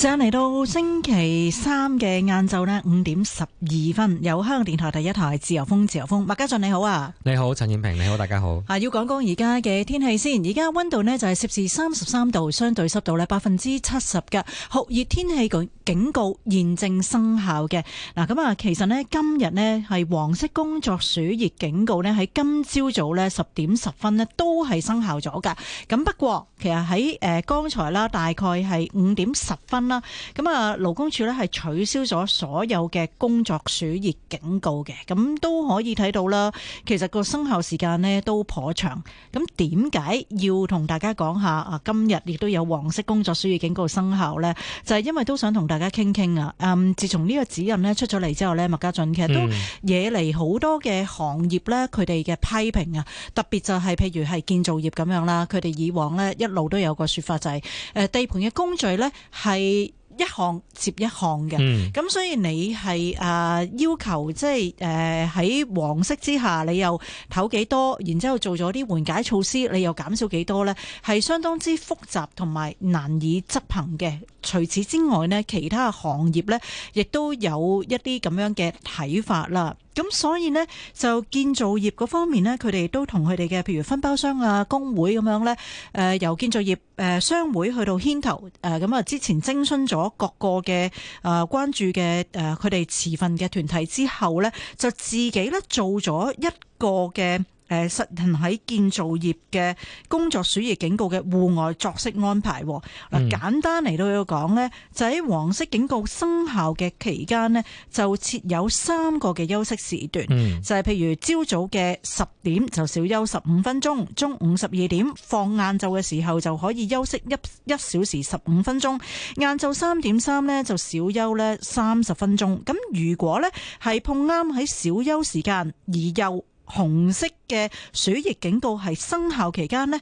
上嚟到星期三嘅晏晝呢五點十二分，有香港電台第一台《自由風》，自由風，麥家俊你好啊。你好陳燕平。你好，大家好。啊，要講講而家嘅天氣先，而家温度呢就係攝氏三十三度，相對濕度呢百分之七十嘅酷熱天氣警告現正生效嘅。嗱，咁啊，其實呢今日呢係黃色工作暑熱警告呢喺今朝早呢十點十分呢都係生效咗㗎。咁不過其實喺誒剛才啦，大概係五點十分。咁啊勞工處呢係取消咗所有嘅工作暑熱警告嘅，咁都可以睇到啦。其實個生效時間呢都頗長。咁點解要同大家講下啊？今日亦都有黃色工作暑熱警告生效呢？就係因為都想同大家傾傾啊。嗯，自從呢個指引呢出咗嚟之後呢，麥家俊其實都惹嚟好多嘅行業呢，佢哋嘅批評啊，特別就係譬如係建造業咁樣啦，佢哋以往呢一路都有個說法就係，誒地盤嘅工序呢係。一項接一項嘅，咁、嗯、所以你係誒、呃、要求即係誒喺黃色之下，你又唞幾多，然之後做咗啲緩解措施，你又減少幾多咧？係相當之複雜同埋難以執行嘅。除此之外呢，其他行業呢亦都有一啲咁樣嘅睇法啦。咁所以呢，就建造業嗰方面呢，佢哋都同佢哋嘅譬如分包商啊、工會咁樣呢，誒、呃、由建造業誒商會去到牽頭誒咁啊，之前徵詢咗各個嘅誒、呃、關注嘅誒佢哋持份嘅團體之後呢，就自己呢做咗一個嘅。誒實行喺建造業嘅工作暑熱警告嘅戶外作息安排。嗱、嗯，簡單嚟到要講呢就喺黃色警告生效嘅期間呢就設有三個嘅休息時段，嗯、就係、是、譬如朝早嘅十點就小休十五分鐘，中午十二點放晏晝嘅時候就可以休息一一小時十五分鐘，晏晝三點三呢就小休呢三十分鐘。咁如果呢係碰啱喺小休時間而又……紅色嘅暑熱警告係生效期間咧，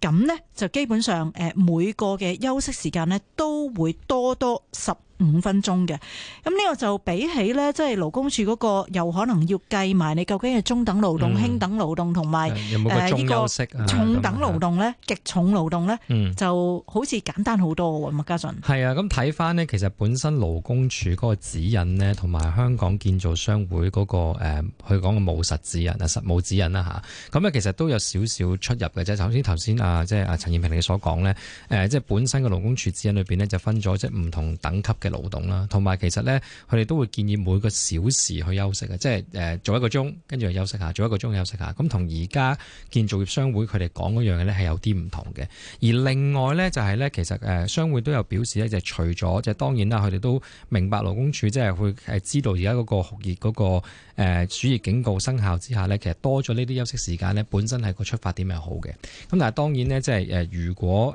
咁咧就基本上誒每個嘅休息時間咧都會多多十五分鐘嘅，咁呢個就比起咧，即係勞工處嗰個，有可能要計埋你究竟係中等勞動、嗯、輕等勞動同埋有呢個，呢個重等勞動咧、嗯、極重勞動咧、嗯，就好似簡單好多喎，麥嘉俊。係、嗯、啊，咁睇翻呢，其實本身勞工處嗰個指引呢，同埋香港建造商會嗰、嗰個佢講嘅務實指引啊、實務指引啦吓，咁啊，其實都有少少出入嘅啫。首先頭先啊，即係啊陳燕平你所講咧，即係本身嘅勞工處指引裏面呢，就分咗即係唔同等級嘅。勞動啦，同埋其實呢，佢哋都會建議每個小時去休息嘅，即係誒做一個鐘，跟住又休息下，做一個鐘休息下。咁同而家建造業商會佢哋講嗰樣嘢呢，係有啲唔同嘅。而另外呢，就係呢，其實商會都有表示呢，就除咗即係當然啦，佢哋都明白勞工處即係會知道而家嗰個行業嗰個誒暑熱警告生效之下呢，其實多咗呢啲休息時間呢，本身係個出發點係好嘅。咁但係當然呢，即係如果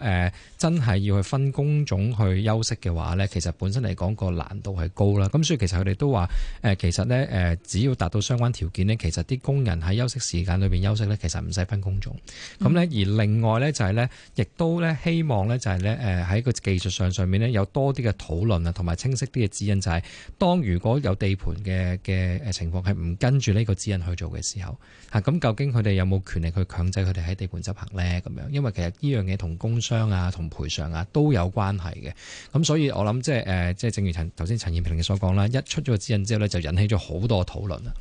真係要去分工種去休息嘅話呢，其實本身嚟講個難度係高啦，咁所以其實佢哋都話、呃、其實呢，呃、只要達到相關條件呢，其實啲工人喺休息時間裏面休息呢，其實唔使分工種。咁、嗯、呢，而另外呢，就係、是、呢，亦都呢，希望呢，就係、是、呢，喺、呃、個技術上上面呢，有多啲嘅討論啊，同埋清晰啲嘅指引就係、是，當如果有地盤嘅嘅情況係唔跟住呢個指引去做嘅時候，咁、啊、究竟佢哋有冇權力去強制佢哋喺地盤執行呢？咁樣，因為其實呢樣嘢同工傷啊，同賠償啊都有關係嘅。咁所以我，我諗即係即係正如陳頭先陳燕平嘅所講啦，一出咗個指引之後咧，就引起咗好多討論啊。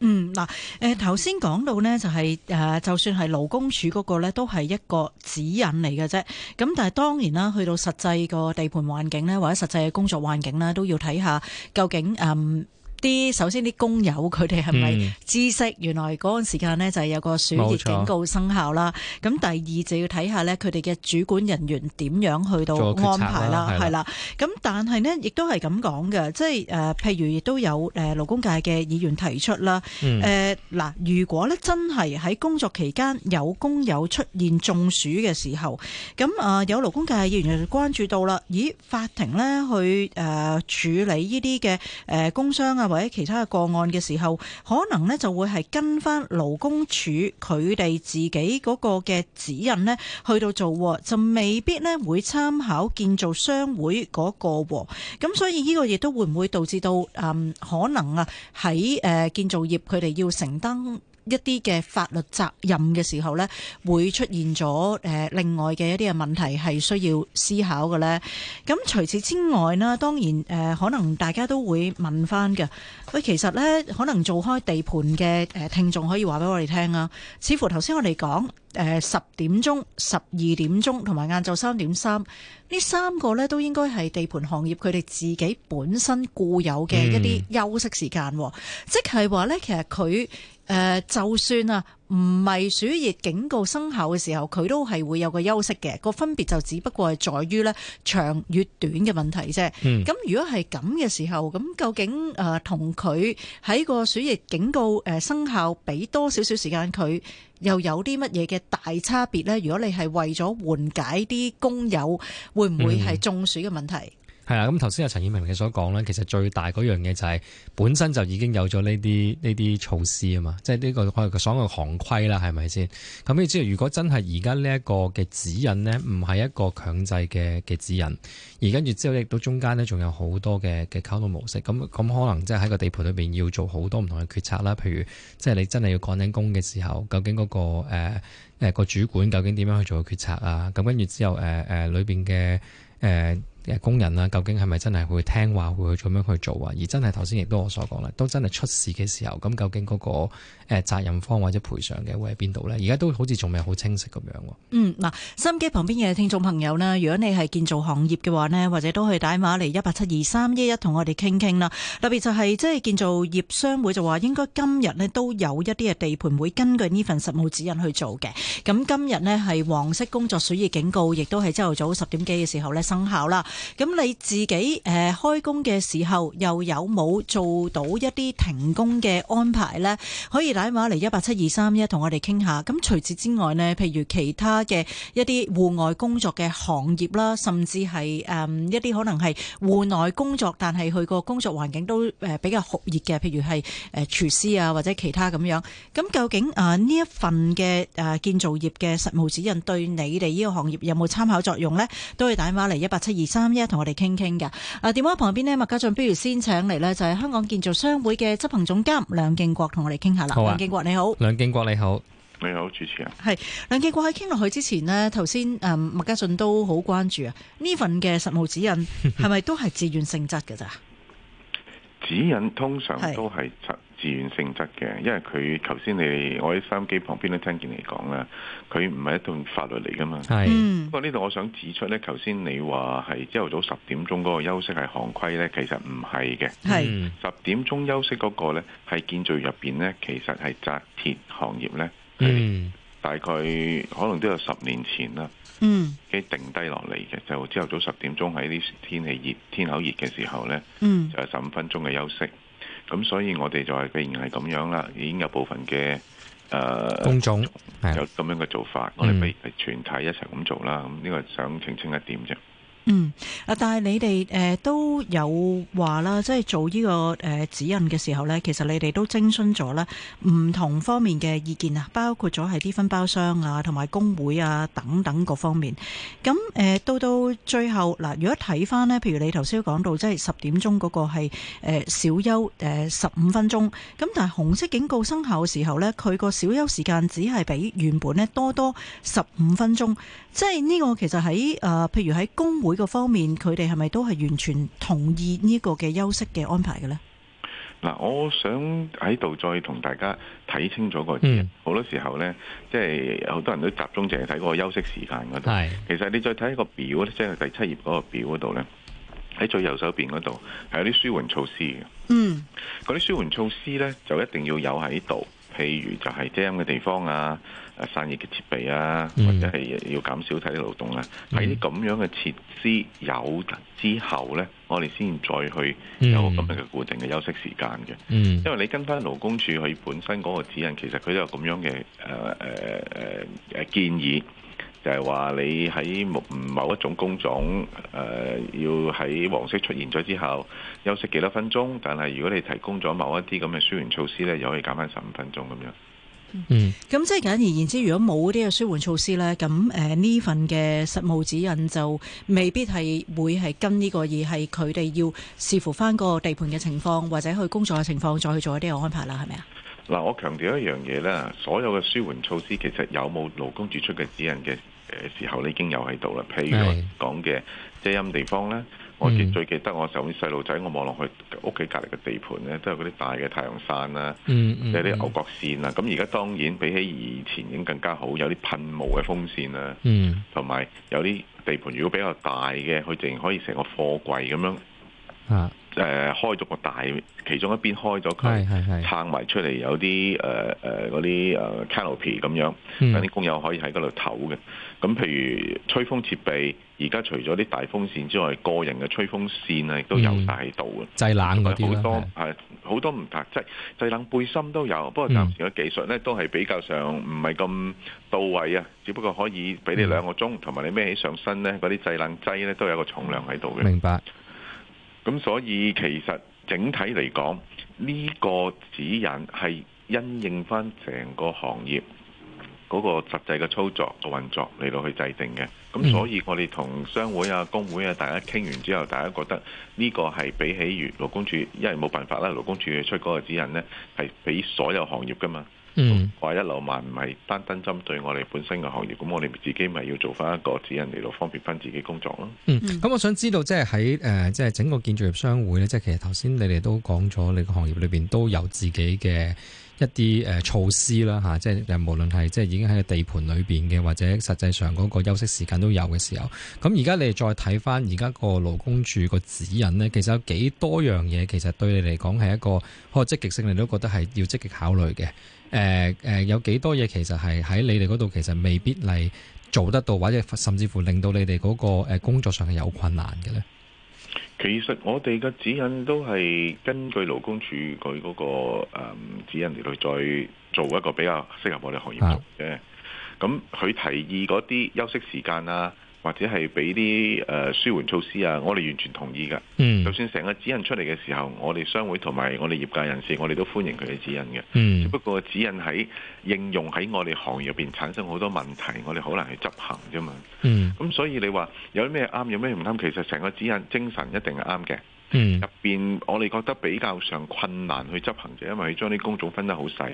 嗯，嗱，誒頭先講到呢，就係、是、誒，就算係勞工署嗰、那個咧，都係一個指引嚟嘅啫。咁但係當然啦，去到實際個地盤環境咧，或者實際嘅工作環境咧，都要睇下究竟誒。嗯啲首先啲工友佢哋係咪知識、嗯、原來嗰段時間咧就係有個暑熱警告生效啦。咁第二就要睇下咧佢哋嘅主管人員點樣去到安排啦，係啦。咁但係咧亦都係咁講嘅，即係誒譬如亦都有誒勞工界嘅議員提出啦。誒、嗯、嗱，如果咧真係喺工作期間有工友出現中暑嘅時候，咁啊有勞工界嘅議員就關注到啦。咦，法庭咧去誒處理呢啲嘅誒工傷啊？或者其他嘅個案嘅時候，可能呢就會係跟翻勞工處佢哋自己嗰個嘅指引呢去到做，就未必呢會參考建造商會嗰個。咁所以呢個亦都會唔會導致到，嗯，可能啊喺誒建造業佢哋要承擔一啲嘅法律責任嘅時候呢，會出現咗誒、呃、另外嘅一啲嘅問題，係需要思考嘅呢。咁除此之外呢，當然誒、呃、可能大家都會問翻嘅。喂，其實呢，可能做開地盤嘅誒聽眾可以話俾我哋聽啊。似乎頭先我哋講誒十點鐘、十二點鐘同埋晏晝三點三呢三個呢，都應該係地盤行業佢哋自己本身固有嘅一啲休息時間啊。嗯。即係話呢，其實佢。誒、呃，就算啊，唔係暑熱警告生效嘅時候，佢都係會有個休息嘅個分別，就只不過係在於咧長越短嘅問題啫。咁、嗯、如果係咁嘅時候，咁究竟誒同佢喺個暑熱警告誒、呃、生效，俾多少少時間佢又有啲乜嘢嘅大差別咧？如果你係為咗緩解啲工友，會唔會係中暑嘅問題？嗯係啦，咁頭先阿陳燕明嘅所講咧，其實最大嗰樣嘢就係本身就已經有咗呢啲呢啲措施啊嘛，即係呢、這個可能個所謂行規啦，係咪先？咁跟住之後，如果真係而家呢一個嘅指引呢，唔係一個強制嘅嘅指引，而跟住之後咧，都中間呢，仲有好多嘅嘅溝通模式，咁咁可能即係喺個地盤裏邊要做好多唔同嘅決策啦。譬如即係你真係要趕緊工嘅時候，究竟嗰、那個誒誒、呃呃、主管究竟點樣去做個決策啊？咁跟住之後誒誒裏邊嘅誒。呃呃工人啦，究竟係咪真係會聽話，會去做咩去做啊？而真係頭先亦都我所講啦，都真係出事嘅時候，咁究竟嗰個誒責任方或者賠償嘅會喺邊度呢？而家都好似仲未好清晰咁樣喎。嗯，嗱、啊，收音機旁邊嘅聽眾朋友呢，如果你係建造行業嘅話呢，或者都可以打電話嚟一八七二三一一同我哋傾傾啦。特別就係即係建造業商會就話，應該今日呢都有一啲嘅地盤會根據呢份實務指引去做嘅。咁今日呢係黃色工作暑熱警告，亦都係朝頭早十點幾嘅時候呢生效啦。咁你自己、呃、開工嘅時候又有冇做到一啲停工嘅安排呢？可以打電話嚟一八七二三一，同我哋傾下。咁除此之外呢，譬如其他嘅一啲戶外工作嘅行業啦，甚至係、呃、一啲可能係戶內工作，但係佢個工作環境都比較酷熱嘅，譬如係誒廚師啊或者其他咁樣。咁究竟啊呢、呃、一份嘅、呃、建造業嘅實務指引對你哋呢個行業有冇參考作用呢？都可以打電話嚟一八七二三。今日同我哋傾傾嘅，啊電話旁邊呢，麥家俊，不如先請嚟呢，就係、是、香港建造商會嘅執行總監梁、啊、梁敬國，同我哋傾下啦。好啊，梁敬國你好，梁敬國你好，你好，主持啊，係梁敬國。喺傾落去之前呢，頭先誒麥家俊都好關注啊，呢份嘅實務指引係咪都係自願性質㗎咋？ 指引通常都係質、自願性質嘅，因為佢頭先你我喺收音機旁邊都聽見你講啦，佢唔係一段法律嚟㗎嘛。係。不過呢度我想指出呢，頭先你話係朝頭早十點鐘嗰個休息係行規呢，其實唔係嘅。係。十點鐘休息嗰、那個咧，係建造入邊呢，其實係紮鐵行業呢，嗯，大概可能都有十年前啦。嗯，定低落嚟嘅，就朝頭早十點鐘喺啲天氣熱、天口熱嘅時候呢嗯，就係十五分鐘嘅休息。咁所以我哋就係，既然係咁樣啦，已經有部分嘅誒工種有咁樣嘅做法，我哋不如全體一齊咁做啦。咁、嗯、呢、呢個想澄清，清一點啫。嗯，啊，但係你哋誒都有話啦，即係做呢個誒指引嘅時候咧，其實你哋都徵詢咗啦，唔同方面嘅意見啊，包括咗係啲分包商啊，同埋工會啊等等各方面。咁誒到到最後嗱，如果睇翻咧，譬如你頭先講到即係十點鐘嗰個係誒小休誒十五分鐘，咁但係紅色警告生效嘅時候咧，佢個小休時間只係比原本咧多多十五分鐘，即係呢個其實喺誒譬如喺工會。呢、這個方面，佢哋係咪都係完全同意呢個嘅休息嘅安排嘅咧？嗱、嗯，我想喺度再同大家睇清楚個嘢。好多時候咧，即係好多人都集中淨係睇嗰個休息時間嗰度。係，其實你再睇個表咧，即係第七頁嗰個表嗰度咧，喺最右手邊嗰度係有啲舒緩措施嘅。嗯，嗰啲舒緩措施咧就一定要有喺度，譬如就係遮陰嘅地方啊，誒散熱嘅設備啊，或者係要減少睇啲勞動啊，喺啲咁樣嘅設施有之後呢，我哋先再去有咁樣嘅固定嘅休息時間嘅、嗯嗯。因為你跟翻勞工處佢本身嗰個指引，其實佢都有咁樣嘅誒、呃呃、建議，就係、是、話你喺某某一種工種誒、呃，要喺黃色出現咗之後休息幾多分鐘，但係如果你提供咗某一啲咁嘅舒緩措施呢，又可以減翻十五分鐘咁樣。嗯，咁即係簡而言之，如果冇啲嘅舒緩措施咧，咁誒呢份嘅實務指引就未必係會係跟呢、這個而係佢哋要視乎翻個地盤嘅情況或者去工作嘅情況再去做一啲嘅安排啦，係咪啊？嗱、嗯，我強調一樣嘢咧，所有嘅舒緩措施其實有冇勞工指出嘅指引嘅誒時候，你已經有喺度啦。譬如講嘅遮陰地方咧。我最最記得我時候細路仔，我望落去屋企隔離嘅地盤呢，都有嗰啲大嘅太陽傘啦，嗯嗯，有啲牛角扇啦。咁而家當然比起以前已經更加好，有啲噴霧嘅風扇啦，同、嗯、埋有啲地盤如果比較大嘅，佢淨可以成個貨櫃咁樣啊。誒開咗個大，其中一邊開咗佢、係係係、撐埋出嚟，有啲誒嗰啲 canopy 咁樣，有啲、呃呃、工友可以喺嗰度唞嘅。咁譬如吹風設備，而家除咗啲大風扇之外，個人嘅吹風扇啊，都有喺度嘅。製、嗯、冷好多係好多唔合格，製冷背心都有，不過暫時嘅技術咧、嗯、都係比較上唔係咁到位啊。只不過可以俾你兩個鐘，同、嗯、埋你孭起上身咧，嗰啲製冷劑咧都有個重量喺度嘅。明白。咁所以其實整體嚟講，呢個指引係因應翻成個行業嗰個實際嘅操作個運作嚟到去制定嘅。咁所以我哋同商會啊、工會啊，大家傾完之後，大家覺得呢個係比起業勞工處，因為冇辦法啦，勞工處出嗰個指引呢，係俾所有行業噶嘛。嗯，話一路萬唔係單單針對我哋本身嘅行業，咁我哋自己咪要做翻一個指引嚟到方便翻自己工作咯。嗯，咁我想知道即係喺誒，即係整個建造業商會咧，即係其實頭先你哋都講咗，你個行業裏邊都有自己嘅。一啲誒措施啦吓，即係無論係即係已經喺個地盤裏面嘅，或者實際上嗰個休息時間都有嘅時候，咁而家你哋再睇翻而家個勞工處個指引呢，其實有幾多樣嘢其實對你嚟講係一個好積極性，你都覺得係要積極考慮嘅。誒、呃呃、有幾多嘢其實係喺你哋嗰度其實未必嚟做得到，或者甚至乎令到你哋嗰個工作上係有困難嘅呢。其實我哋嘅指引都係根據勞工處佢嗰個誒指引嚟去再做一個比較適合我哋行業做嘅。咁佢提議嗰啲休息時間啊。或者係俾啲舒緩措施啊，我哋完全同意噶。嗯，就算成個指引出嚟嘅時候，我哋商會同埋我哋業界人士，我哋都歡迎佢嘅指引嘅。嗯，只不過指引喺應用喺我哋行業入面產生好多問題，我哋好難去執行啫嘛。嗯，咁所以你話有咩啱，有咩唔啱，其實成個指引精神一定係啱嘅。嗯，入面我哋覺得比較上困難去執行，就因為將啲工種分得好細。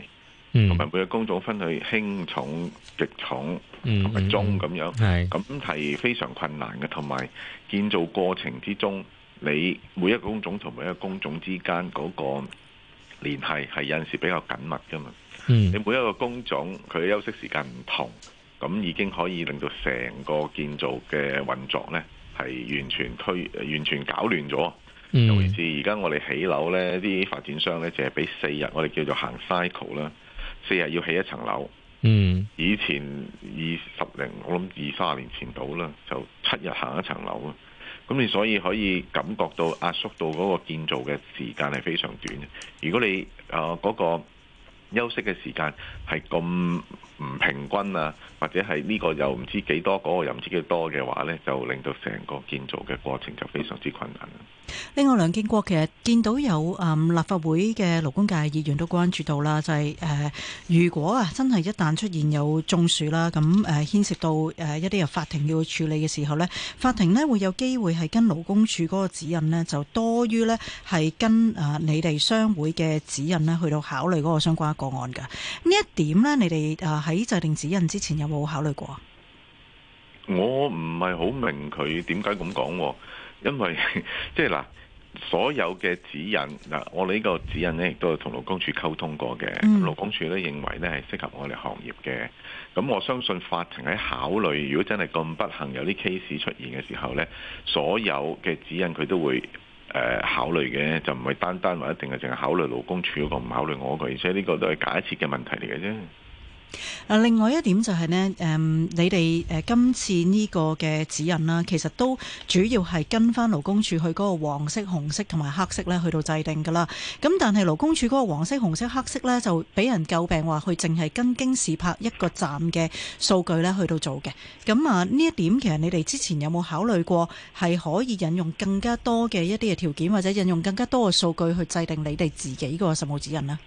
同埋每個工種分去輕重極重，同埋中咁樣，係咁係非常困難嘅。同埋建造過程之中，你每一個工種同每一個工種之間嗰個聯繫係有陣時比較緊密噶嘛、嗯。你每一個工種佢嘅休息時間唔同，咁已經可以令到成個建造嘅運作呢係完全推完全搞亂咗。尤其是而家我哋起樓呢啲發展商呢，就係俾四日，我哋叫做行 cycle 啦。四日要起一層樓，以前二十零我諗二三十年前到啦，就七日行一層樓啊！咁你所以可以感覺到壓縮到嗰個建造嘅時間係非常短。如果你嗰、呃嗰個休息嘅時間係咁。唔平均啊，或者係呢個又唔知幾多，嗰個又唔知幾多嘅話咧，就令到成個建造嘅過程就非常之困難。另外，梁建國其實見到有嗯立法會嘅勞工界議員都關注到啦，就係誒如果啊真係一旦出現有中暑啦，咁誒牽涉到誒一啲由法庭要處理嘅時候咧，法庭咧會有機會係跟勞工處嗰個指引咧，就多於咧係跟啊你哋商會嘅指引咧去到考慮嗰個相關個案噶。呢一點咧，你哋啊係。呃喺制定指引之前有冇考慮過？我唔係好明佢點解咁講，因為即係嗱，所有嘅指引嗱，我哋呢個指引咧亦都係同勞工處溝通過嘅，勞工處咧認為咧係適合我哋行業嘅。咁我相信法庭喺考慮，如果真係咁不幸有啲 case 出現嘅時候咧，所有嘅指引佢都會誒考慮嘅，就唔係單單話一定係淨係考慮勞工處嗰個，唔考慮我個，而且呢個都係假設嘅問題嚟嘅啫。嗱，另外一點就係呢，誒，你哋今次呢個嘅指引啦，其實都主要係跟翻勞工處去嗰個黃色、紅色同埋黑色呢去到制定噶啦。咁但係勞工處嗰個黃色、紅色、黑色呢，就俾人詬病話佢淨係跟京士柏一個站嘅數據呢去到做嘅。咁啊，呢一點其實你哋之前有冇考慮過，係可以引用更加多嘅一啲嘅條件，或者引用更加多嘅數據去制定你哋自己個實務指引呢？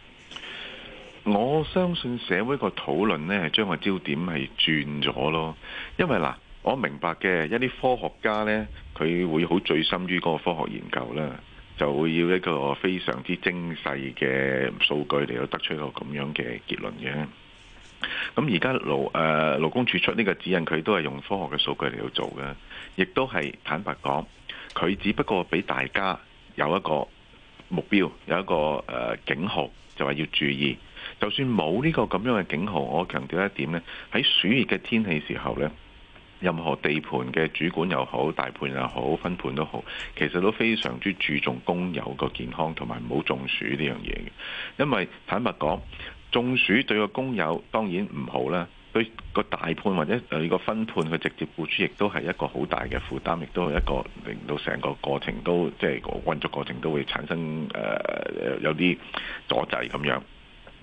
我相信社會個討論呢，係將個焦點係轉咗咯，因為嗱，我明白嘅一啲科學家呢，佢會好醉心於嗰個科學研究啦，就會要一個非常之精細嘅數據嚟到得出一個咁樣嘅結論嘅。咁而家勞誒勞工處出呢個指引，佢都係用科學嘅數據嚟到做嘅，亦都係坦白講，佢只不過俾大家有一個目標，有一個誒警號，就係要注意。就算冇呢個咁樣嘅警號，我強調一點呢，喺暑熱嘅天氣時候呢，任何地盤嘅主管又好，大盤又好，分盤都好，其實都非常之注重工友個健康同埋唔好中暑呢樣嘢嘅。因為坦白講，中暑對個工友當然唔好啦，對個大盤或者例如個分盤去直接付出亦都係一個好大嘅負擔，亦都係一個令到成個過程都即係運作過程都會產生誒有啲阻滯咁樣。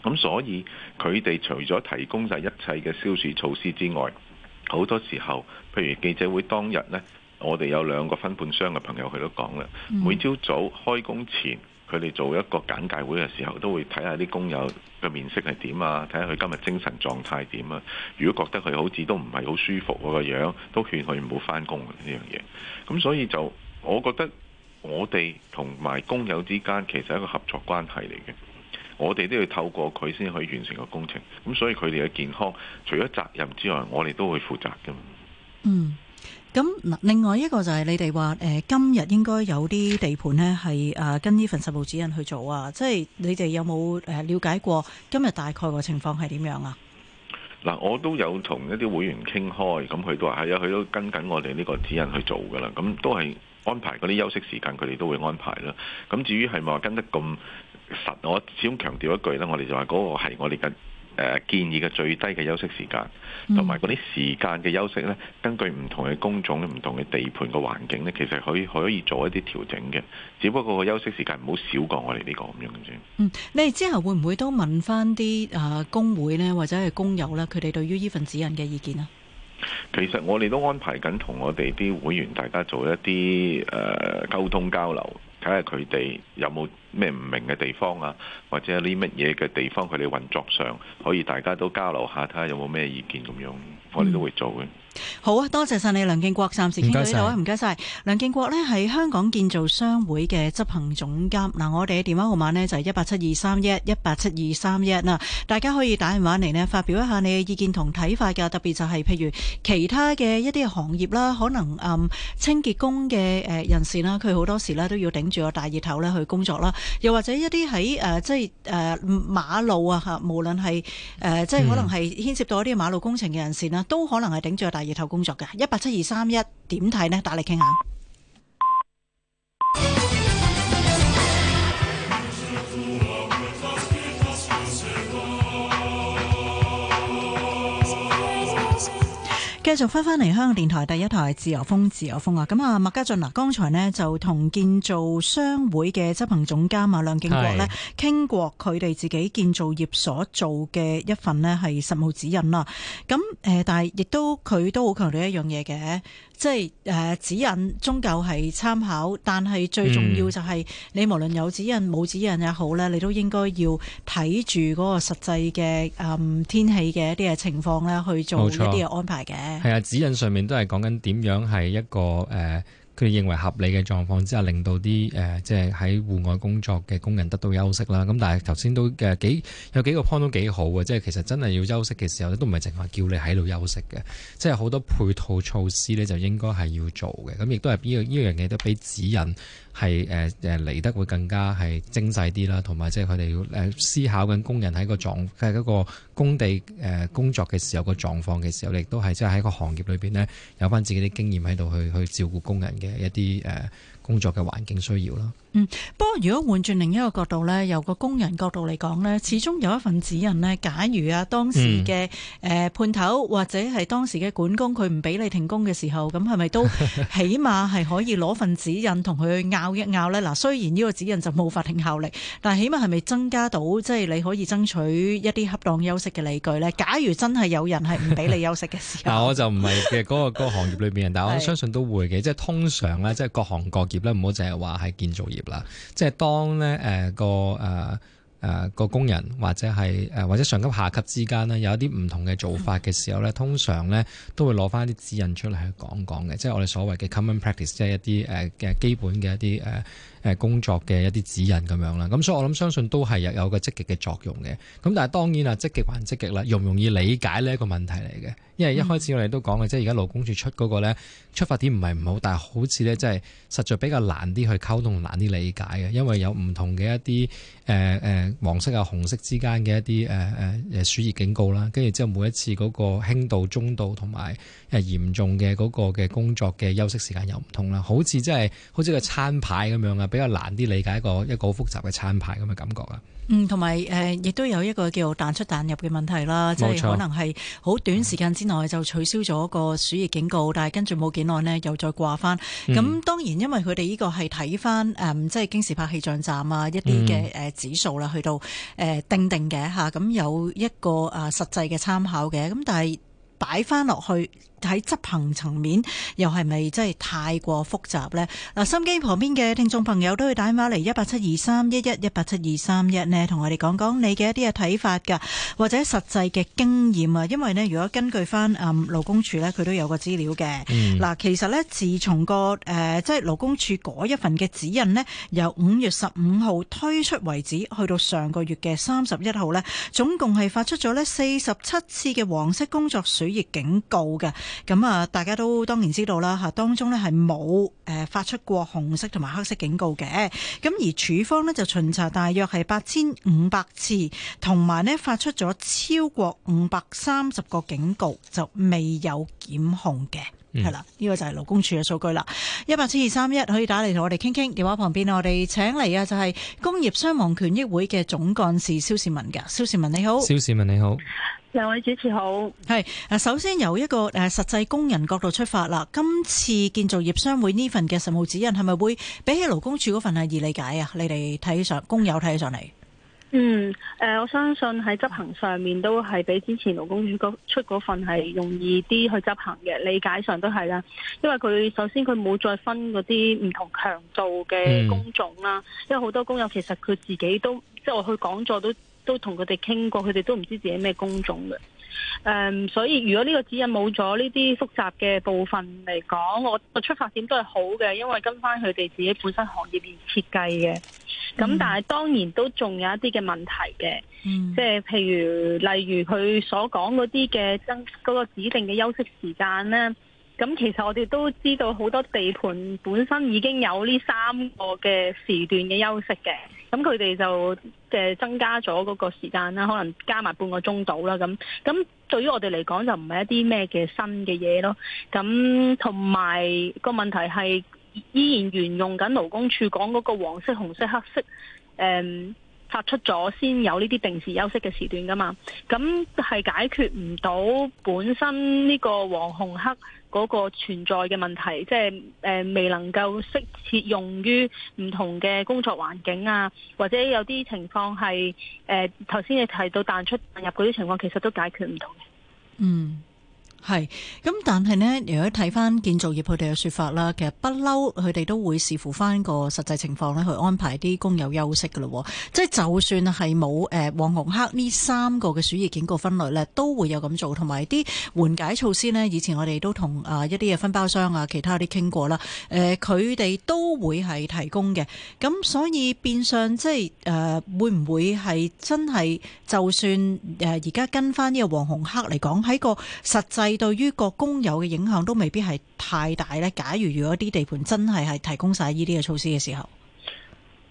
咁所以佢哋除咗提供晒一切嘅消暑措施之外，好多時候，譬如記者會當日咧，我哋有兩個分判商嘅朋友佢都講啦，每朝早開工前，佢哋做一個簡介會嘅時候，都會睇下啲工友嘅面色係點啊，睇下佢今日精神狀態點啊。如果覺得佢好似都唔係好舒服嗰個樣，都勸佢唔好翻工呢樣嘢。咁所以就我覺得，我哋同埋工友之間其實是一個合作關係嚟嘅。我哋都要透過佢先可以完成個工程，咁所以佢哋嘅健康除咗責任之外，我哋都會負責嘅。嗯，咁另外一個就係你哋話誒，今日應該有啲地盤呢係啊，跟呢份實務指引去做啊，即係你哋有冇誒瞭解過今日大概個情況係點樣啊？嗱、嗯，我都有同一啲會員傾開，咁佢都話係啊，佢都跟緊我哋呢個指引去做噶啦，咁都係安排嗰啲休息時間，佢哋都會安排啦。咁至於係咪話跟得咁？實我始終強調一句咧，我哋就話嗰個係我哋嘅、呃、建議嘅最低嘅休息時間，同埋嗰啲時間嘅休息呢，根據唔同嘅工種、唔同嘅地盤個環境呢，其實可以可以做一啲調整嘅。只不過個休息時間唔好少過我哋呢個咁樣嘅啫。嗯，你哋之後會唔會都問翻啲誒工會呢？或者係工友呢？佢哋對於呢份指引嘅意見啊？其實我哋都安排緊同我哋啲會員大家做一啲誒溝通交流。睇下佢哋有冇咩唔明嘅地方啊，或者啲乜嘢嘅地方，佢哋運作上可以大家都交流下，睇下有冇咩意見咁樣，我哋都會做嘅。好啊，多謝晒你。梁敬國暫時傾到呢度，唔該晒。梁敬國呢係香港建造商會嘅執行總監。嗱，我哋嘅電話號碼呢就係一八七二三一，一八七二三一嗱，大家可以打電話嚟，呢發表一下你嘅意見同睇法噶。特別就係譬如其他嘅一啲行業啦，可能嗯，清潔工嘅誒，人士啦，佢好多時呢都要頂住個大熱頭咧去工作啦。又或者一啲喺誒，即係誒、呃、馬路啊吓，無論係誒即係可能係牽涉到一啲馬路工程嘅人士啦，都可能係頂住大熱頭。日頭工作嘅，一八七二三一，點睇呢？打嚟傾下。繼續翻翻嚟香港電台第一台自《自由風》，自由風啊！咁啊，麥家俊嗱，剛才呢就同建造商會嘅執行總監啊梁敬國呢傾過佢哋自己建造業所做嘅一份呢係實務指引啦、啊。咁誒、呃，但係亦都佢都好強調一樣嘢嘅。即係誒、呃、指引，終究係參考，但係最重要就係、嗯、你無論有指引、冇指引也好咧，你都應該要睇住嗰個實際嘅誒、嗯、天氣嘅一啲嘅情況咧，去做一啲嘅安排嘅。係啊，指引上面都係講緊點樣係一個誒，呃認為合理嘅狀況之下，令到啲誒，即係喺戶外工作嘅工人得到休息啦。咁但係頭先都嘅幾有幾個 point 都幾好嘅，即係其實真係要休息嘅時候都唔係淨係叫你喺度休息嘅，即係好多配套措施呢，就應該係要做嘅。咁亦都係呢、呢個呢樣嘢都俾指引。係誒誒嚟得會更加係精細啲啦，同埋即係佢哋要誒思考緊工人喺個狀喺嗰個工地誒工作嘅時候個狀況嘅時候，亦都係即係喺個行業裏面咧有返自己啲經驗喺度去去照顧工人嘅一啲誒工作嘅環境需要啦。嗯，不過如果換轉另一個角度咧，由個工人角度嚟講咧，始終有一份指引咧。假如啊，當時嘅誒判頭或者係當時嘅管工，佢唔俾你停工嘅時候，咁係咪都起碼係可以攞份指引同佢拗一拗咧？嗱，雖然呢個指引就冇法定效力，但係起碼係咪增加到即係、就是、你可以爭取一啲恰當休息嘅理據咧？假如真係有人係唔俾你休息嘅時候，我就唔係嘅嗰個個行業裏邊， 但我相信都會嘅，即係通常咧，即係各行各業咧，唔好淨係話係建造業。啦，即係當咧誒個誒誒、呃呃、個工人或者係誒、呃、或者上級下級之間咧有一啲唔同嘅做法嘅時候咧、嗯，通常咧都會攞翻啲指引出嚟去講講嘅，即係我哋所謂嘅 common practice，即係一啲誒嘅基本嘅一啲誒。呃誒工作嘅一啲指引咁樣啦，咁所以我諗相信都係有個個積極嘅作用嘅。咁但係當然啦，積極還積極啦，容唔容易理解呢一個問題嚟嘅。因為一開始我哋都講嘅，嗯、即係而家勞工處出嗰、嗰個呢，出發點唔係唔好，但係好似呢，即係實在比較難啲去溝通，難啲理解嘅。因為有唔同嘅一啲誒誒黃色啊、紅色之間嘅一啲誒誒誒暑熱警告啦，跟住之後每一次嗰個輕度、中度同埋誒嚴重嘅嗰個嘅工作嘅休息時間又唔同啦，好似即係好似個餐牌咁樣啊！比較難啲理解一個一個複雜嘅餐牌咁嘅感覺啊。嗯，同埋誒，亦、呃、都有一個叫做彈出彈入嘅問題啦，即係可能係好短時間之內就取消咗個暑熱警告，嗯、但係跟住冇幾耐呢，又再掛翻。咁、嗯、當然因為佢哋呢個係睇翻誒，即係京士柏氣象站啊一啲嘅指數啦，去到誒、嗯、定定嘅嚇，咁有一個啊實際嘅參考嘅。咁但係。擺翻落去喺執行層面，又係咪真係太過複雜呢？嗱，心機旁邊嘅聽眾朋友都可以打電話嚟一八七二三一一一八七二三一呢同我哋講講你嘅一啲嘅睇法㗎，或者實際嘅經驗啊。因為呢，如果根據翻啊、嗯、勞工處呢，佢都有個資料嘅。嗱、嗯，其實呢，自從個誒、呃、即係勞工處嗰一份嘅指引呢，由五月十五號推出為止，去到上個月嘅三十一號呢，總共係發出咗呢四十七次嘅黃色工作水警告嘅，咁啊，大家都當然知道啦。吓，當中呢係冇誒發出過紅色同埋黑色警告嘅。咁而處方呢，就巡查大約係八千五百次，同埋呢發出咗超過五百三十個警告，就未有檢控嘅。係、嗯、啦，呢、呢個就係勞工處嘅數據啦。一八七二三一可以打嚟同我哋傾傾。電話旁邊我哋請嚟啊，就係工業傷亡權益會嘅總幹事蕭倩文嘅。蕭倩文，蕭倩文你好。蕭倩文你好。兩位主持好，係嗱，首先由一個誒實際工人角度出發啦。今次建造業商會呢份嘅實務指引係咪會比起勞工處嗰份係易理解啊？你哋睇上工友睇上嚟？嗯，誒、呃，我相信喺執行上面都係比之前勞工處出嗰份係容易啲去執行嘅，理解上都係啦。因為佢首先佢冇再分嗰啲唔同強度嘅工種啦、嗯，因為好多工友其實佢自己都即係我去講座都。都同佢哋傾過，佢哋都唔知自己咩工種嘅。誒，um，所以如果呢個指引冇咗呢啲複雜嘅部分嚟講，我個出發點都係好嘅，因為跟翻佢哋自己本身行業而設計嘅。咁但係當然都仲有一啲嘅問題嘅，mm，即係譬如例如佢所講嗰啲嘅增嗰指定嘅休息時間呢。咁其實我哋都知道好多地盤本身已經有呢三個嘅時段嘅休息嘅，咁佢哋就即係增加咗嗰個時間啦，可能加埋半個鐘到啦咁。咁對於我哋嚟講就唔係一啲咩嘅新嘅嘢咯。咁同埋個問題係依然沿用緊勞工處講嗰個黃色、紅色、黑色，誒、嗯、發出咗先有呢啲定時休息嘅時段㗎嘛。咁係解決唔到本身呢個黃紅黑。嗰個存在嘅問題，即係誒未能夠適切用於唔同嘅工作環境啊，或者有啲情況係誒，頭先你提到彈出彈入嗰啲情況，其實都解決唔到嘅。嗯。係，咁但係呢，如果睇翻建造業佢哋嘅說法啦，其實不嬲，佢哋都會視乎翻個實際情況咧去安排啲工友休息噶咯。即就算係冇誒黃紅黑呢三個嘅暑熱警告分類咧，都會有咁做，同埋啲緩解措施呢。以前我哋都同啊一啲嘅分包商啊，其他啲傾過啦。誒，佢哋都會係提供嘅。咁所以變相即係誒、呃，會唔會係真係就算誒而家跟翻呢個黃紅黑嚟講喺個實際？你對於個工友嘅影響都未必係太大呢。假如如果啲地盤真係係提供晒呢啲嘅措施嘅時候，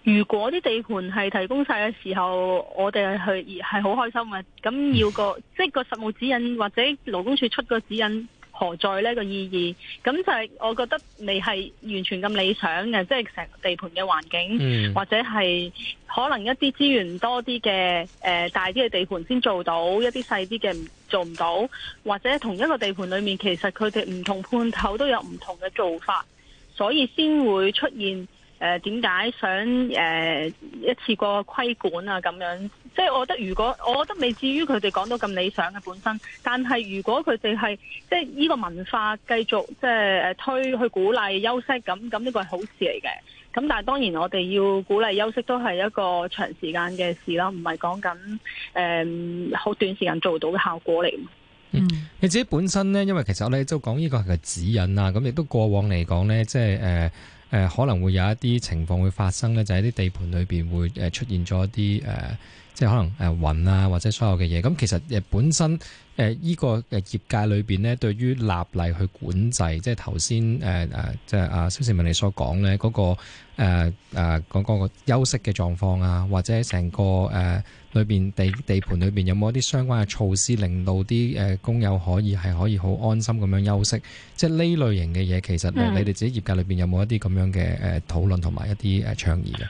如果啲地盤係提供晒嘅時候，我哋係係好開心啊！咁要個即係、就是、個實務指引，或者勞工處出個指引。何在呢？呢個意義？咁就係我覺得未係完全咁理想嘅，即係成個地盤嘅環境，嗯、或者係可能一啲資源多啲嘅誒大啲嘅地盤先做到，一啲細啲嘅做唔到，或者同一個地盤裡面其實佢哋唔同判頭都有唔同嘅做法，所以先會出現誒點解想誒、呃、一次過的規管啊咁樣。即係我覺得如果我覺得未至於佢哋講到咁理想嘅本身，但係如果佢哋係即係呢個文化繼續即係誒推去鼓勵休息咁，咁呢個係好事嚟嘅。咁但係當然我哋要鼓勵休息都係一個長時間嘅事啦，唔係講緊誒好短時間做到嘅效果嚟、嗯。嗯，你自己本身呢，因為其實咧都講呢個係指引啦，咁亦都過往嚟講呢，即係誒誒可能會有一啲情況會發生咧，就喺、是、啲地盤裏邊會誒出現咗一啲誒。呃即係可能誒雲啊，或者所有嘅嘢。咁其實誒本身誒依、呃呢個誒業界裏邊咧，對於立例去管制，即係頭先誒誒，即係阿蕭倩文你所講咧嗰、嗰個誒誒休息嘅狀況啊，或者成個誒裏邊地地盤裏邊有冇一啲相關嘅措施，令到啲誒工友可以係可以好安心咁樣休息。即係呢類型嘅嘢，其實你哋、mm-hmm. 自己業界裏邊有冇一啲咁樣嘅誒討論同埋一啲誒倡議嘅？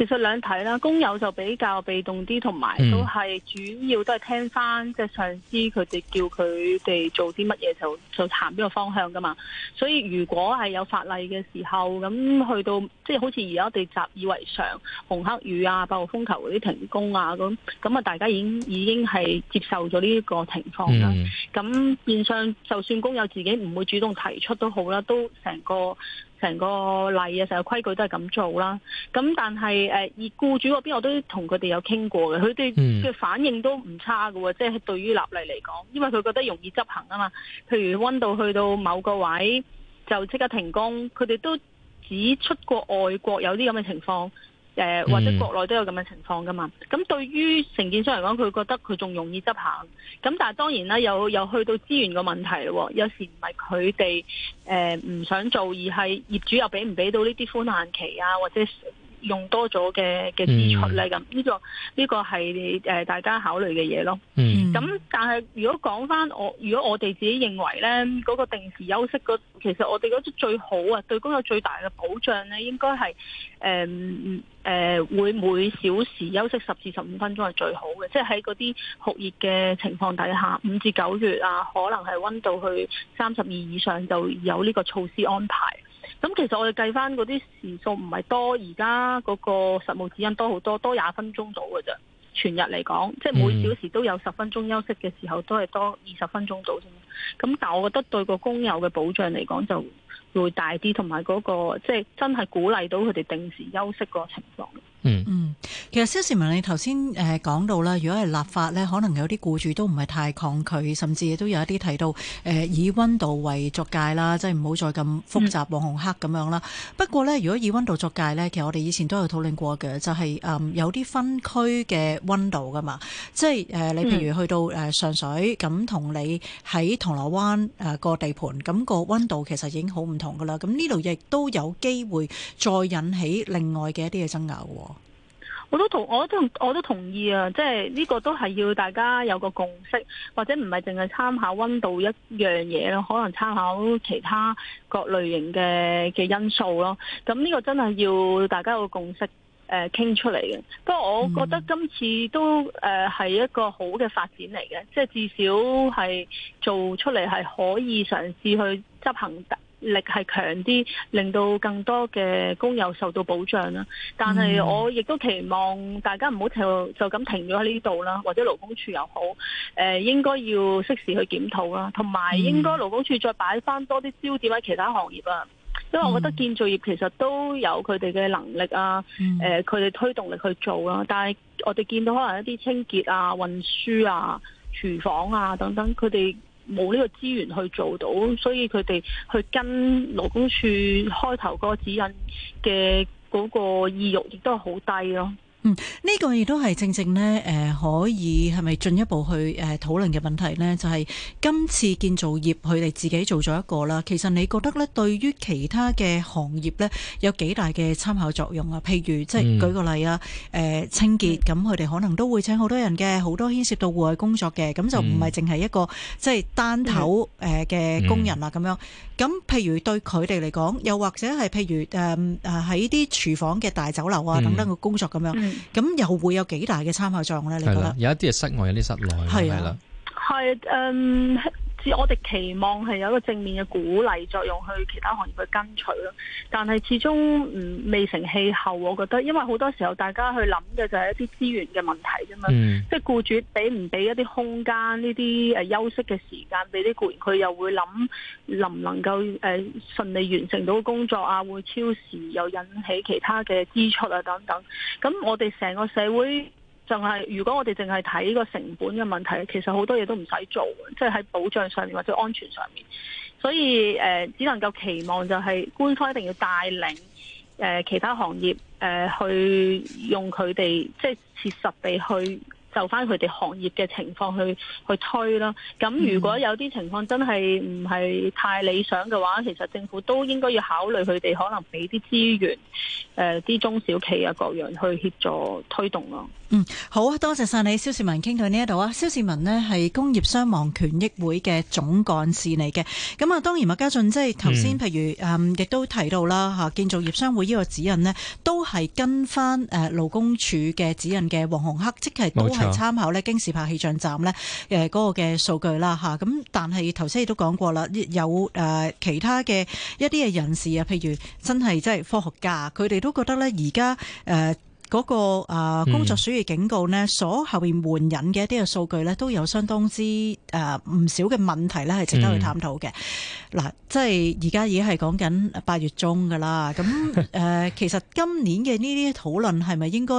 其實兩睇啦，工友就比較被動啲，同埋都係主要都係聽翻即係上司佢哋叫佢哋做啲乜嘢就就談邊個方向噶嘛。所以如果係有法例嘅時候，咁去到即係、就是、好似而家我哋習以為常，紅黑雨啊，八號風球嗰啲停工啊，咁咁啊，大家已經已經係接受咗呢個個情況啦。咁、嗯、現上就算工友自己唔會主動提出都好啦，都成個。成個例啊，成個規矩都係咁做啦。咁但係誒，而，呃，僱主嗰邊我都同佢哋有傾過嘅，佢哋嘅反應都唔差㗎喎。即係對於立例嚟講，因為佢覺得容易執行啊嘛。譬如溫度去到某個位，就即刻停工。佢哋都指出過外國有啲咁嘅情況。誒、嗯、或者國內都有咁嘅情況㗎嘛，咁對於承建商嚟講，佢覺得佢仲容易執行，咁但係當然啦，有有去到資源嘅問題喎，有時唔係佢哋誒唔想做，而係業主又俾唔俾到呢啲寬限期啊，或者。用多咗嘅嘅支出咧，咁呢、嗯這個呢、這個係誒、呃、大家考慮嘅嘢咯。咁、嗯、但係如果講翻我，如果我哋自己認為咧，嗰、那個定時休息，嗰其實我哋覺得最好啊，對工友最大嘅保障咧，應該係誒誒會每小時休息十至十五分鐘係最好嘅，即係喺嗰啲酷熱嘅情況底下，五至九月啊，可能係溫度去三十二以上就有呢個措施安排。咁其實我哋計翻嗰啲時數唔係多，而家嗰個實務指引多好多，多廿分鐘到嘅咋。全日嚟講，即係每小時都有十分鐘休息嘅時候，都係多二十分鐘到啫。咁但係我覺得對個工友嘅保障嚟講就會大啲，同埋嗰個即係真係鼓勵到佢哋定時休息個情況。嗯，嗯，其實蕭倩文你頭先誒講到啦，如果係立法咧，可能有啲僱主都唔係太抗拒，甚至亦都有一啲提到、呃、以溫度為作界啦，即係唔好再咁複雜黃紅黑咁樣啦、嗯。不過咧，如果以溫度作界咧，其實我哋以前都有討論過嘅，就係、是嗯、有啲分區嘅溫度噶嘛，即係、呃、你譬如去到上水，咁同你喺銅鑼灣誒個地盤，咁、那個溫度其實已經好唔同噶啦。咁呢度亦都有機會再引起另外嘅一啲嘅爭拗。我都同我都我都同意啊，即係呢個都係要大家有個共識，或者唔係淨係參考溫度一樣嘢咯，可能參考其他各類型嘅嘅因素咯。咁呢個真係要大家有個共識誒，傾，呃，出嚟嘅，不過我覺得今次都誒係一個好嘅發展嚟嘅，即係至少係做出嚟係可以嘗試去執行，力係強啲，令到更多嘅工友受到保障啦。但係我亦都期望大家唔好就就咁停咗喺呢度啦，或者勞工處又好，誒、呃、應該要適時去檢討啦。同埋應該勞工處再擺翻多啲焦點喺其他行業啊，因為我覺得建造業其實都有佢哋嘅能力啊，呃、佢哋推動力去做啊。但係我哋見到可能一啲清潔啊、運輸啊、廚房啊等等，佢哋冇呢個資源去做到，所以佢哋去跟勞工處開頭嗰個指引嘅嗰個意欲亦都係好低咯。嗯，呢個亦都係正正咧，誒，可以係咪進一步去，誒討論嘅問題呢，就係今次建造業佢哋自己做咗一個啦。其實你覺得咧，對於其他嘅行業咧，有幾大嘅參考作用啊？譬如即係舉個例啊，誒、嗯，清潔，咁佢哋可能都會請好多人嘅，好多牽涉到戶外工作嘅，咁就唔係淨係一個、嗯、即係單頭誒嘅工人啦，咁、嗯嗯、樣。咁譬如對佢哋嚟講，又或者係譬如誒誒喺啲廚房嘅大酒樓啊等等嘅工作咁樣。嗯嗯咁、嗯、又會有幾大嘅參考作用咧？你覺得有一啲係室外，有啲室內係啦，係嗯。我哋期望係有一個正面嘅鼓勵作用去其他行業去跟隨咯，但係始終唔未成氣候，我覺得，因為好多時候大家去諗嘅就係一啲資源嘅問題啫嘛，mm. 即係僱主俾唔俾一啲空間呢啲誒休息嘅時間俾啲僱員，佢又會諗能唔能夠呃、順利完成到工作啊，會超時又引起其他嘅支出啊等等，咁我哋成個社會。就係如果我哋淨係睇個成本嘅問題，其實好多嘢都唔使做，即係喺保障上面或者安全上面，所以誒只能夠期望就係官方一定要帶領誒其他行業誒去用佢哋即係切實地去。就翻佢哋行業嘅情況去去推啦。咁如果有啲情況真係唔係太理想嘅話，嗯，其實政府都應該要考慮佢哋可能俾啲資源，啲、呃、中小企啊各樣去協助推動咯。嗯，好多謝晒你，蕭倩文傾到呢一度啊。蕭倩文呢係工業傷亡權益會嘅總幹事嚟嘅。咁啊，當然麥家俊即係頭先譬如亦、嗯嗯、都提到啦，建造業商會呢個指引呢，都係跟翻誒勞工處嘅指引嘅。黃紅黑即係都是。參考呢，京士柏氣象站呢，誒嗰個嘅數據啦嚇。咁但係頭先亦都講過啦，有誒其他嘅一啲嘅人士啊，譬如真係即係科學家，佢哋都覺得呢，而家誒。嗰、那個、呃、工作暑熱警告呢，所後面援引嘅一啲嘅數據呢，都有相當之唔、呃、少嘅問題呢，係值得去探討嘅。嗱，即係而家已經係講緊八月中噶啦，咁、呃、其實今年嘅呢啲討論係咪應該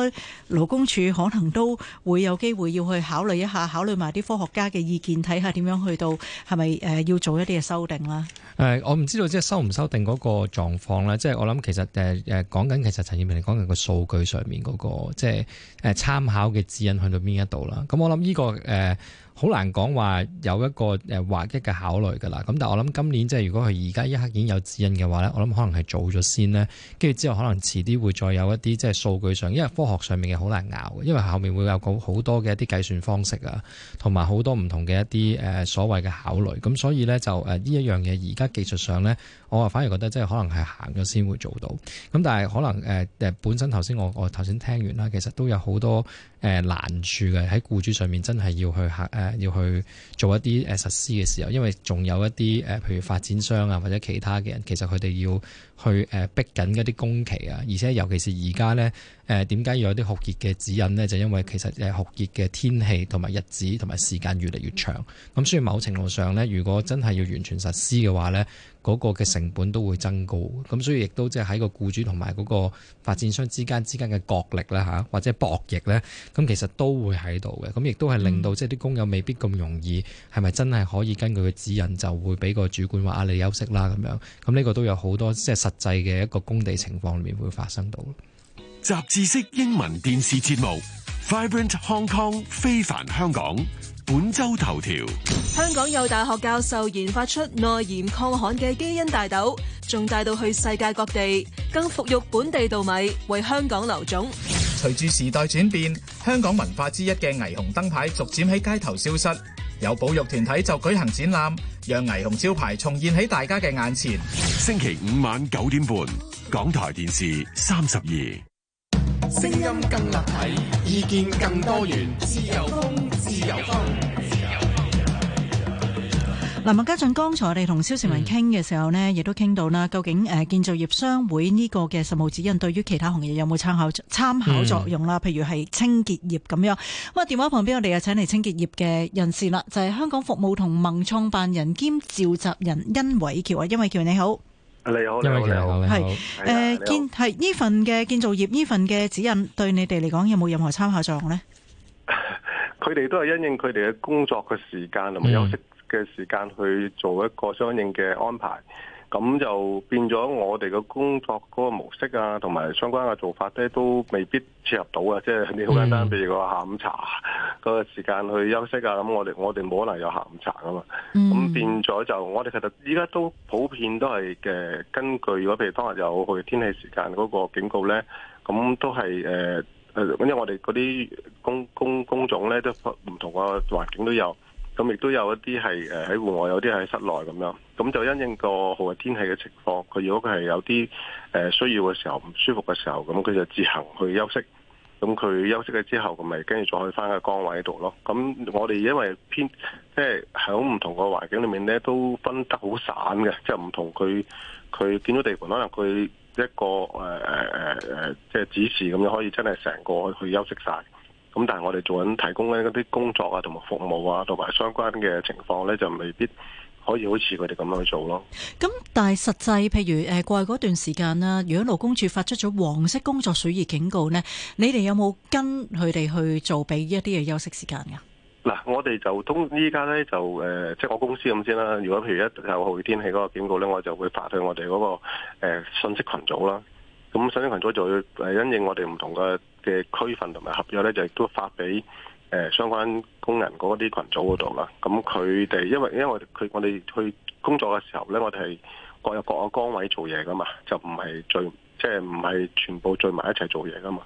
勞工處可能都會有機會要去考慮一下，考慮埋啲科學家嘅意見，睇下點樣去到係咪呃、要做一啲嘅修訂啦。呃、我唔知道即係收唔收定嗰個狀況咧，即係我諗其實誒誒講緊其實陳業明講緊個數據上面嗰、嗰個即係誒參考嘅指引去到邊一度啦。咁、嗯、我諗呢、呢個誒。呃好難講話有一個誒劃、呃、一嘅考慮噶啦，咁但係我諗今年即係如果佢而家一刻已經有指引嘅話，呢我諗可能係早咗先，呢跟住之後可能遲啲會再有一啲即係數據上，因為科學上面嘅好難拗，因為後面會有好多嘅一啲計算方式啊，同埋好多唔同嘅一啲誒、呃、所謂嘅考慮，咁所以呢，就誒呢、呃、一樣嘢而家技術上呢。我反而覺得，即係可能係行咗先會做到。咁但係可能、呃、本身頭先我我頭先聽完啦，其實都有好多誒、呃、難處嘅喺僱主上面，真係要去、呃、要去做一啲誒實施嘅時候，因為仲有一啲、呃、譬如發展商啊或者其他嘅人，其實佢哋要去、呃、逼緊一啲工期啊，而且尤其是而家呢，誒點解要有啲酷熱嘅指引呢？就因為其實誒酷熱嘅天氣同埋日子同埋時間越嚟越長，咁所以某程度上呢，如果真係要完全實施嘅話呢，嗰個嘅成本都會增高，咁所以亦都即係喺個僱主同埋嗰個發展商之間之間嘅角力啦吓，或者博弈呢，咁其實都會喺度嘅，咁亦都係令到即係啲工友未必咁容易，係咪真係可以根據佢指引就會俾個主管話啊，你休息啦咁樣，咁呢個都有好多即係實際嘅一個工地情況裏面會發生到。雜誌式英文電視節目《Vibrant Hong Kong》非凡香港。本周頭條，香港有大學教授研發出耐鹽抗嗱，麥家俊，剛才我哋同蕭倩文傾嘅時候呢，亦、嗯、都傾到啦。究竟誒，建造業商會呢個嘅實務指引，對於其他行業有冇參考參考作用啦？譬、嗯、如係清潔業咁樣。咁啊，電話旁邊我哋又請嚟清潔業嘅人士啦，就係、是、香港服務同盟創辦人兼召集人甄韋喬啊。甄韋喬你好，你好，甄韋喬你好，係誒建係呢份嘅建造業呢份嘅指引，對你哋嚟講有冇任何參考作用呢？佢哋都係因應佢哋嘅工作嘅時間同埋休息嘅時間去做一個相應嘅安排，咁、mm-hmm. 就變咗我哋嘅工作嗰個模式啊，同埋相關嘅做法咧，都未必切入到啊！即、就、係、是、你好簡單，譬、mm-hmm. 如我下午茶嗰個時間去休息啊，咁我哋我哋冇可能有下午茶啊嘛。咁、mm-hmm. 變咗就我哋其實而家都普遍都係嘅，根據如果譬如當日有去天氣時間嗰個警告咧，咁都係誒、呃，因為我哋啲。工工工種咧都唔同個環境都有，咁亦都有一啲係喺戶外，有啲喺室內咁樣。咁就因應個好嘅天氣嘅情況，佢如果佢係有啲誒需要嘅時候唔舒服嘅時候，咁佢就自行去休息。咁佢休息咗之後，咁咪跟住再回去翻個崗位度咯。咁我哋因為偏即係喺唔同個環境裏面咧，都分得好散嘅，即係唔同佢佢見到地盤可能佢一個誒誒即係指示咁樣可以真係成個去休息晒。咁但係我哋做緊提供呢啲工作啊，同埋服務啊，同埋相關嘅情況咧，就未必可以好似佢哋咁樣去做咯。咁但係實際，譬如誒過去嗰段時間啦，如果勞工處發出咗黃色工作暑熱警告咧，你哋有冇跟佢哋去做俾一啲嘅休息時間噶？嗱，我哋就通依家咧就誒，即係我公司咁先啦。如果譬如一有酷熱天氣嗰個警告咧，我就會發去我哋嗰個誒信息群組啦。咁信息群組就會誒因應我哋唔同嘅。嘅區份同埋合約咧，就都發俾誒、呃、相關工人嗰啲群組嗰度啦。咁佢哋因為因為佢我哋去工作嘅時候咧，我哋係各有各個崗位做嘢㗎嘛，就唔係聚，即係唔係全部聚埋一齊做嘢㗎嘛。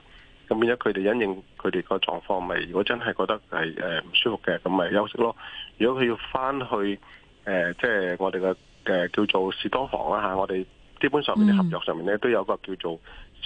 咁變咗佢哋因應佢哋個狀況，咪如果真係覺得係誒唔舒服嘅，咁咪休息咯。如果佢要返去誒，即、呃、係、就是、我哋嘅誒叫做士多房啦嚇、啊，我哋基本上面嘅合約上面咧、mm. 都有個叫做。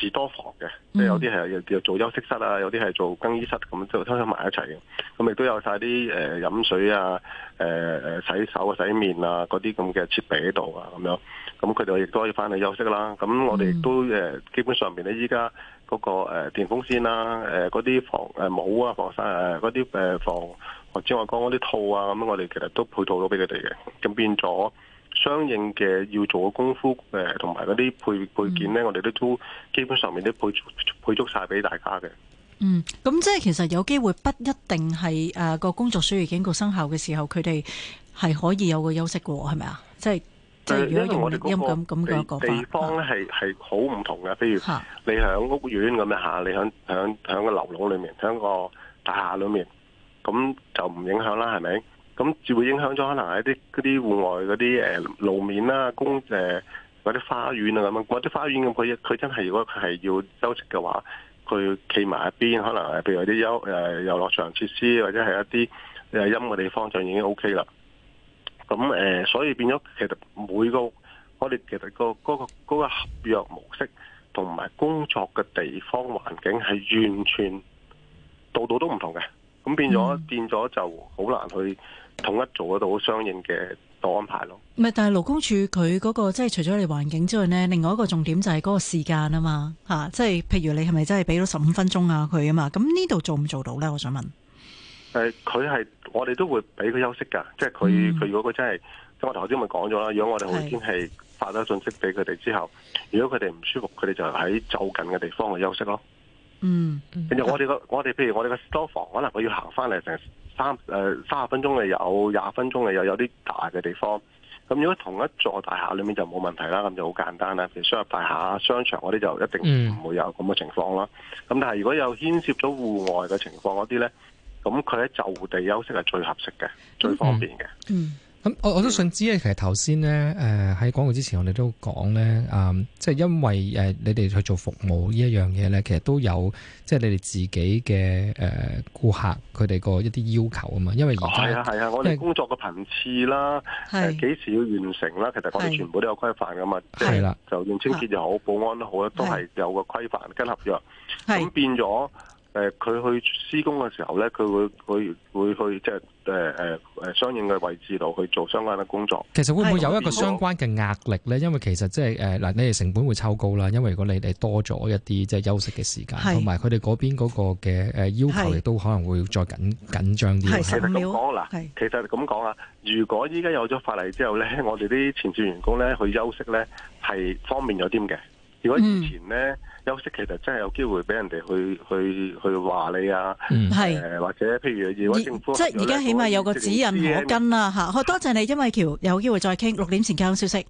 是多房嘅，即係有啲係又叫做休息室啊，有啲係做更衣室咁都收埋一齊嘅。咁亦都有晒啲誒飲水啊、誒、呃、誒洗手洗啊、洗面啊嗰啲咁嘅設備喺度啊，咁樣。咁佢哋亦都可以翻去休息啦。咁我哋亦都誒、呃、基本上面咧，依家嗰個誒、呃、電風扇啦、誒嗰啲防誒帽啊、防曬誒嗰啲誒防或者我講嗰啲套啊，咁我哋其實都配套到俾佢哋嘅，咁變咗。相應嘅要做嘅功夫，誒同埋嗰啲配配件咧、嗯，我哋都都基本上面都配配足晒俾大家嘅。嗯，咁即係其實有機會不一定係誒個工作暑熱警告生效嘅時候，佢哋係可以有個休息嘅喎，係咪啊？即係即係如果如果陰陰咁咁嘅個、那個、地方咧，係係好唔同嘅。譬如你喺屋苑咁樣嚇、啊，你喺喺喺個樓棟裏面，喺個大廈裏面，咁就唔影響啦，係咪？咁就會影響咗可能喺啲嗰啲戶外嗰啲路面啦、啊、工誒、呃、或者花園啊咁樣，或者花園咁佢佢真係如果係要休息嘅話，佢企埋一邊，可能譬如有啲休誒遊樂場設施，或者係一啲誒陰嘅地方就已經 O K 啦。咁誒、呃，所以變咗其實每個我哋其實、嗰個嗰、嗰個、嗰個嗰個合約模式同埋工作嘅地方環境係完全度度都唔同嘅，咁變咗、嗯、變咗就好難去。統一做得到相應嘅安排咯。唔係、那個，但係勞工處佢嗰個即係除咗你環境之外咧，另外一個重點就係嗰個時間啊嘛，吓、啊，即係譬如你係咪真係俾咗十五分鐘啊佢啊嘛？咁呢度做唔做到咧？我想問。誒、呃，佢係我哋都會俾佢休息噶，即係佢佢如果佢真係，我頭先咪講咗啦，如果我哋好天氣發咗信息俾佢哋之後，如果佢哋唔舒服，佢哋就喺就近嘅地方去休息咯。嗯、其、嗯、實我哋個、嗯、我哋譬、嗯、如我哋個消防可能佢要行翻嚟成三誒，三十分鐘，誒有廿分鐘，又有有啲大嘅地方，咁如果同一座大廈裏面就冇問題啦，咁就好簡單啦。譬如商業大廈、商場嗰啲就一定唔會有咁嘅情況啦。咁但係如果有牽涉到戶外嘅情況嗰啲呢，咁佢喺就地休息係最合適嘅、mm-hmm. 最方便嘅。嗯、mm-hmm.。咁我我都想知咧，其實頭先咧，誒喺廣告之前我，我哋都講咧，啊，即係因為誒你哋去做服務呢一樣嘢咧，其實都有即係你哋自己嘅誒顧客佢哋個一啲要求啊嘛，因為而家係啊係啊，我哋工作嘅頻次啦，係幾時要完成啦，其實我哋全部都有規範噶嘛，係啦就用、是、清潔又好，保安都好，都係有個規範跟合約，咁變咗。誒，佢去施工嘅時候咧，佢會會會去即係誒誒誒相應嘅位置度去做相關嘅工作。其實會唔會有一個相關嘅壓力咧？因為其實即係誒嗱，你哋成本會抽高啦，因為如果你哋多咗一啲即係休息嘅時間，同埋佢哋嗰邊嗰個嘅誒要求亦都可能會再緊緊張啲。其實咁講嗱，其實咁講啊，如果依家有咗法例之後咧，我哋啲前綫員工咧去休息咧係方便咗啲嘅。如果以前咧。休息其實真係有機會俾人哋去去去話你啊，誒、嗯呃、或者譬如要揾政府，即係而家起碼有個指引可跟啦嚇。好，多謝你，甄韋喬有機會再傾，六點前更新消息。